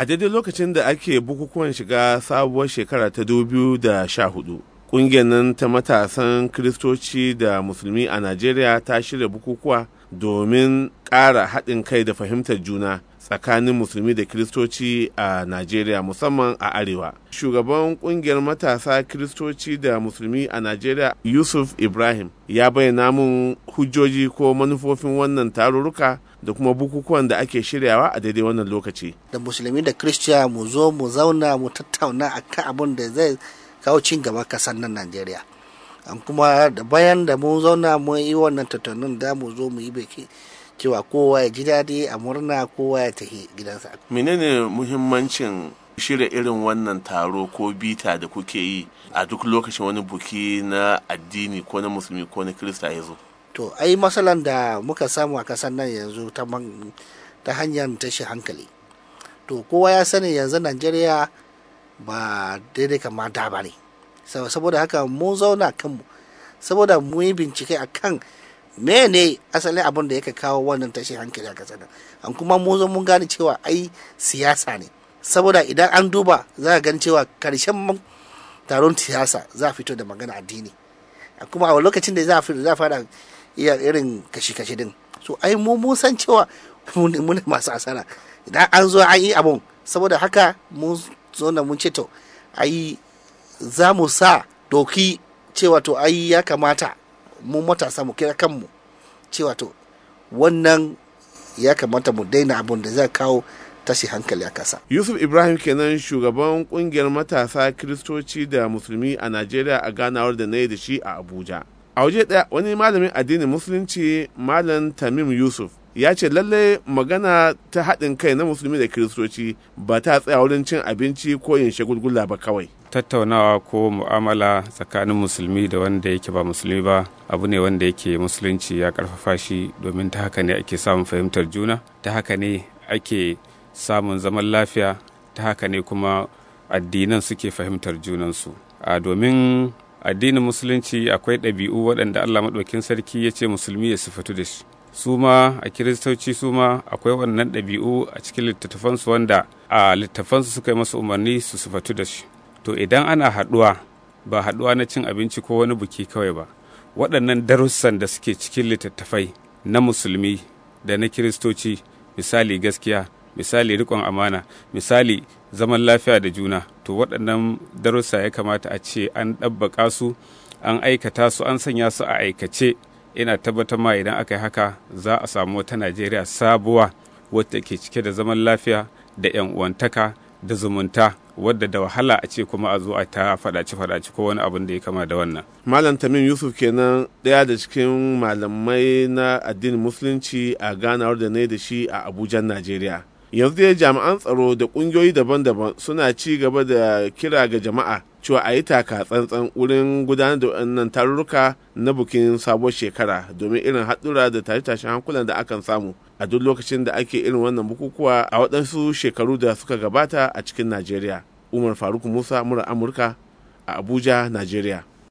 a daidai lokacin da ake bukukuwan shiga sabuwar shekara ta 2014 ƙungiyar nan ta matasan kiristoci da musulmi a najeriya ta shirya bukukuwa domin ƙara haɗin kai da fahimtar juna tsakanin musulmi da kiristoci a najeriya musamman a arewa shugaban ƙungiyar matasa kiristoci da musulmi a najeriya yusuf ibrahim ya bayyana mun hujjoji ko manufofin wannan tarurruka da kuma bukukuwan da ake shiryawa a daidai wannan lokaci da musulmi da kiristiya mu zo mu zauna mu tattauna a kan abin da zai kawo cin gaba kasar nan najeriya an kuma da bayan da mun zauna mun yi wannan tattaunin da mu zo mu yi biki cewa kowa ya ji daɗi a murna kowa ya tafi gidansa menene muhimmancin shirya irin wannan taro ko bita da kuke yi a duk lokacin wani buki na addini ko na musulmi ko na kirista ya zo to ai matsalan da muka samu a kasar nan yanzu ta hanyar tashi hankali to kowa ya sani yanzu najeriya ba daidai kamar ba ne saboda haka mu zauna kanmu saboda mu yi bincike a kan mene asalin abin da yake kawo wannan tashin hankali a ƙasar nan an kuma mu zo mun gane cewa ai siyasa ne saboda idan an duba za a gani cewa karshen taron siyasa za a fito da magana addini kuma a lokacin da za a fito za a fara iya irin kashi-kashi din so ai mu mun san cewa mun masu asara idan an zo an yi abun saboda haka mun zo na mun ce to ai za mu sa doki cewa to ai ya kamata mu matasa mu kira kanmu cewa to wannan ya kamata mu daina abin da zai kawo tashi hankali a kasa. Yusuf Ibrahim kenan shugaban kungiyar matasa Kiristoci da Musulmi a Najeriya a ganawar da na yi da shi a Abuja. A waje ɗaya wani malamin addinin Musulunci Malam Tamim Yusuf ya ce lallai magana ta haɗin kai na Musulmi da Kiristoci ba ta tsaya wurin cin abinci ko yin shagulgula ba kawai. tattaunawa ko mu'amala tsakanin musulmi da wanda yake ba musulmi ba abu ne wanda yake musulunci ya karfafa shi domin ta haka ne ake samun fahimtar juna ta haka ne ake samun zaman lafiya ta haka ne kuma addinan suke fahimtar junansu a domin addinin musulunci akwai ɗabi'u waɗanda allah maɗaukin sarki ya ce musulmi ya sifatu da shi su ma a kiristoci su ma akwai wannan ɗabi'u a cikin littattafansu wanda a littattafansu suka yi masu umarni su sifatu da shi to idan ana haɗuwa ba haɗuwa na cin abinci ko wani buki kawai ba waɗannan darussan da suke cikin littattafai na musulmi da na kiristoci misali gaskiya misali rikon amana misali zaman lafiya da juna to waɗannan darussa ya kamata a ce an ɗabbaƙa su an aikata su an sanya su a aikace ina tabbatar ma idan aka yi haka za a samu wata najeriya sabuwa wata ke cike da zaman lafiya da 'yan uwantaka da zumunta wadda da wahala a ce kuma a zo a ta faɗace-faɗace ko wani abin da ya kama da wannan. Malam Tamim Yusuf kenan ɗaya da cikin malamai na addinin musulunci a ganawar da na yi da shi a Abuja, Najeriya. Yanzu dai jami'an tsaro da ƙungiyoyi daban-daban suna ci gaba da kira ga jama'a cewa a yi taka tsantsan wurin gudanar da wannan tarurruka na bukin sabuwar shekara domin irin haɗura da tashe-tashen hankulan da akan samu a duk lokacin da ake irin wannan bukukuwa a waɗansu shekaru da suka gabata a cikin najeriya umar faruk musa mura amurka a abuja najeriya